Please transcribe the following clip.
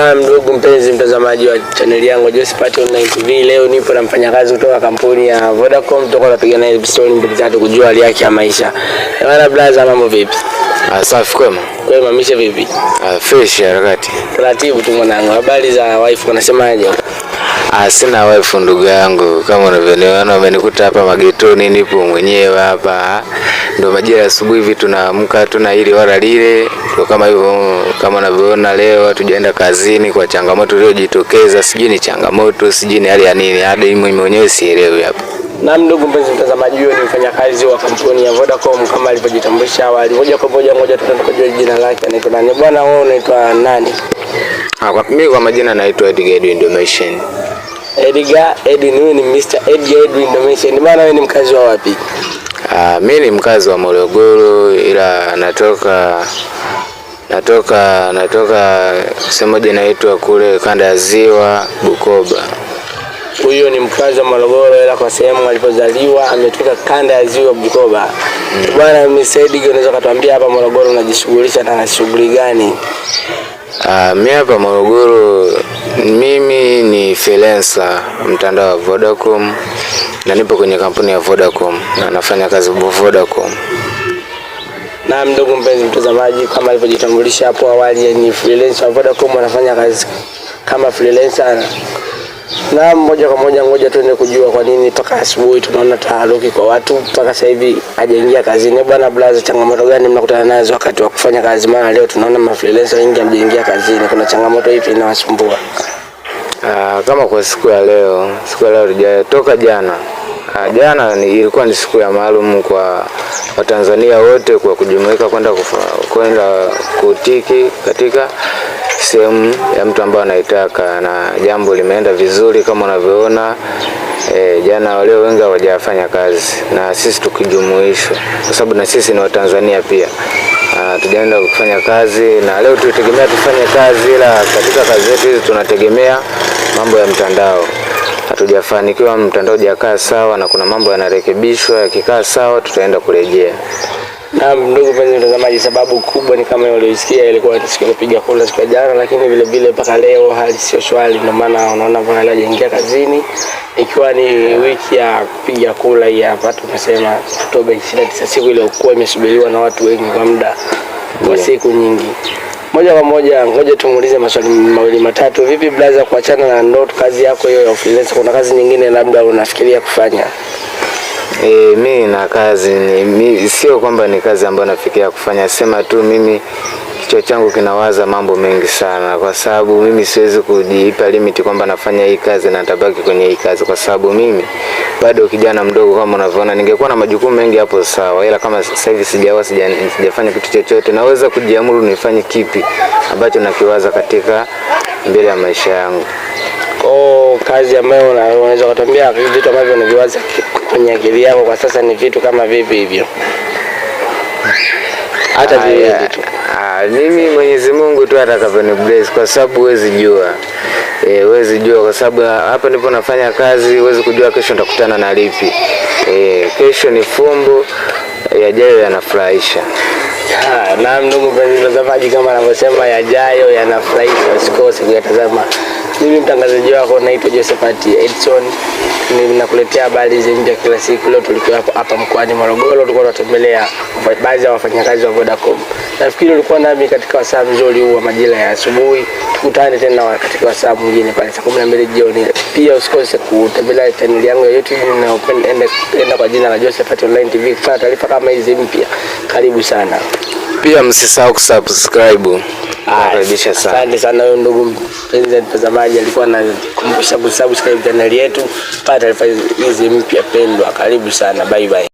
Naam, ndugu mpenzi mtazamaji wa chaneli yangu Josephat Online TV. Leo nipo na mfanyakazi kutoka kampuni ya Vodacom, tutakuwa tunapiga naye story mbili tatu kujua hali yake ya maisha. Bwana blaza, mambo vipi? Ah, safi kwema. Kwema misha vipi? Ah, fresh harakati. Taratibu tu mwanangu. Habari za wife unasemaje? Ah, sina wife ndugu yangu, kama unavyoniona, wamenikuta hapa magetoni, nipo mwenyewe hapa ndo majira ya asubuhi hivi tunaamka, tuna hili wala lile, ndo kama hivyo. Kama unavyoona leo hatujaenda kazini kwa changamoto iliyojitokeza, sijui ni changamoto, sijui ni hali ya nini, hadi mimi mwenyewe sielewi hapo. Na ndugu mpenzi mtazamaji, huyo ni mfanyakazi wa kampuni ya Vodacom kama alivyojitambulisha awali. Moja kwa moja moja, tutakujua jina lake anaitwa nani. Bwana wewe unaitwa nani? Ha, ah, kwa mimi kwa majina naitwa Edgar Edwin Domation. Edgar Edwin, huyu ni Mr. Edgar Edwin Domation. Maana wewe ni mkazi wa wapi? Uh, mi ni mkazi wa Morogoro ila natoka natoka natoka sehemu moja inaitwa kule kanda ya Ziwa Bukoba. Huyo ni mkazi wa Morogoro ila kwa sehemu alipozaliwa ametoka kanda ya Ziwa Bukoba. Mm. Bwana Misaidi, unaweza kutuambia hapa Morogoro unajishughulisha na shughuli gani? Uh, mi hapa Morogoro mimi ni freelancer mtandao wa Vodacom na nipo kwenye kampuni ya Vodacom na nafanya kazi kwa Vodacom. Na mdogo mpenzi mtazamaji, kama alivyojitambulisha hapo awali, ni freelancer wa Vodacom, anafanya kazi kama freelancer. Na moja kwa moja, ngoja tuende kujua kwa nini mpaka asubuhi tunaona taharuki kwa watu mpaka sasa hivi hajaingia kazini. Bwana Blaza, changamoto gani mnakutana nazo wakati wa kufanya kazi? Maana leo tunaona mafreelancer wengi hamjaingia kazini, kuna changamoto ipi inawasumbua? Uh, kama kwa siku ya leo, siku ya leo tujatoka jana. Uh, jana ni, ilikuwa ni siku ya maalum kwa Watanzania wote kwa kujumuika kwenda kwenda kutiki katika sehemu ya mtu ambaye anaitaka, na jambo limeenda vizuri kama unavyoona. E, jana walio wengi hawajafanya kazi na sisi tukijumuishwa, kwa sababu na sisi ni Watanzania pia ah, tujaenda kufanya kazi na leo tutegemea tufanye kazi, ila katika kazi yetu hizi tunategemea mambo ya mtandao hatujafanikiwa, mtandao hujakaa sawa, na kuna mambo yanarekebishwa, yakikaa sawa tutaenda kurejea. Na ndugu mpenzi mtazamaji, sababu kubwa ni kama ulioisikia, ilikuwa siku nipiga kula siku jana, lakini vile vile mpaka leo hali sio shwari, ndio maana unaona bwana leo hajaingia kazini, ikiwa ni wiki ya kupiga kula hii hapa. Tumesema Oktoba 29, siku ile ilikuwa imesubiriwa na watu wengi kwa muda wa siku nyingi. Moja kwa moja, ngoja tumuulize maswali mawili matatu. Vipi blaza, kuachana na ndoto kazi yako hiyo ya freelance, kuna kazi nyingine labda unafikiria kufanya? E, mi na kazi mi, sio kwamba ni kazi ambayo nafikiria kufanya, sema tu mimi kichwa changu kinawaza mambo mengi sana, kwa sababu mimi siwezi kujiipa limiti kwamba nafanya hii kazi na nitabaki kwenye hii kazi, kwa sababu mimi bado kijana mdogo kama unavyoona. Ningekuwa na majukumu mengi hapo sawa, ila kama sasa hivi sijawa sijafanya kitu chochote, naweza kujiamuru nifanye kipi ambacho nakiwaza katika mbele ya maisha yangu. Oh, kazi ambayo unaweza kutambia vitu ambavyo unaviwaza kwenye akili yako kwa sasa ni vitu kama vipi hivyo? Hata viwili tu. Ah, mimi Mwenyezi Mungu tu atakavyoni bless kwa sababu huwezi jua. Eh, huwezi jua kwa sababu hapa ndipo nafanya kazi, huwezi kujua kesho nitakutana na lipi. Eh, kesho ni fumbo, yajayo yanafurahisha. Ah, naam, ndugu mtazamaji, kama anavyosema yajayo yanafurahisha, usikose kuyatazama. Mimi mtangazaji wako naitwa Josephat Edson, ninakuletea habari za nje kila siku. Leo tulikuwa hapo hapa mkoani Morogoro, tulikuwa tunatembelea baadhi ya wafanyakazi wa Vodacom. Nafikiri ulikuwa nami katika wasaa mzuri huu wa majira ya asubuhi. Tukutane tena katika wasaa mwingine pale saa 12 jioni. Pia usikose kutembelea chaneli yangu ya YouTube inayoenda kwa jina la Josephat Online TV kupata taarifa kama hizi mpya. Karibu sana. Pia msisahau kusubscribe. Karibisha sana. Asante sana huyo ndugu mpenzi mtazamaji, alikuwa anakumbusha kusubscribe channel yetu, pata taarifa hizi mpya pendwa. Karibu sana, bye bye.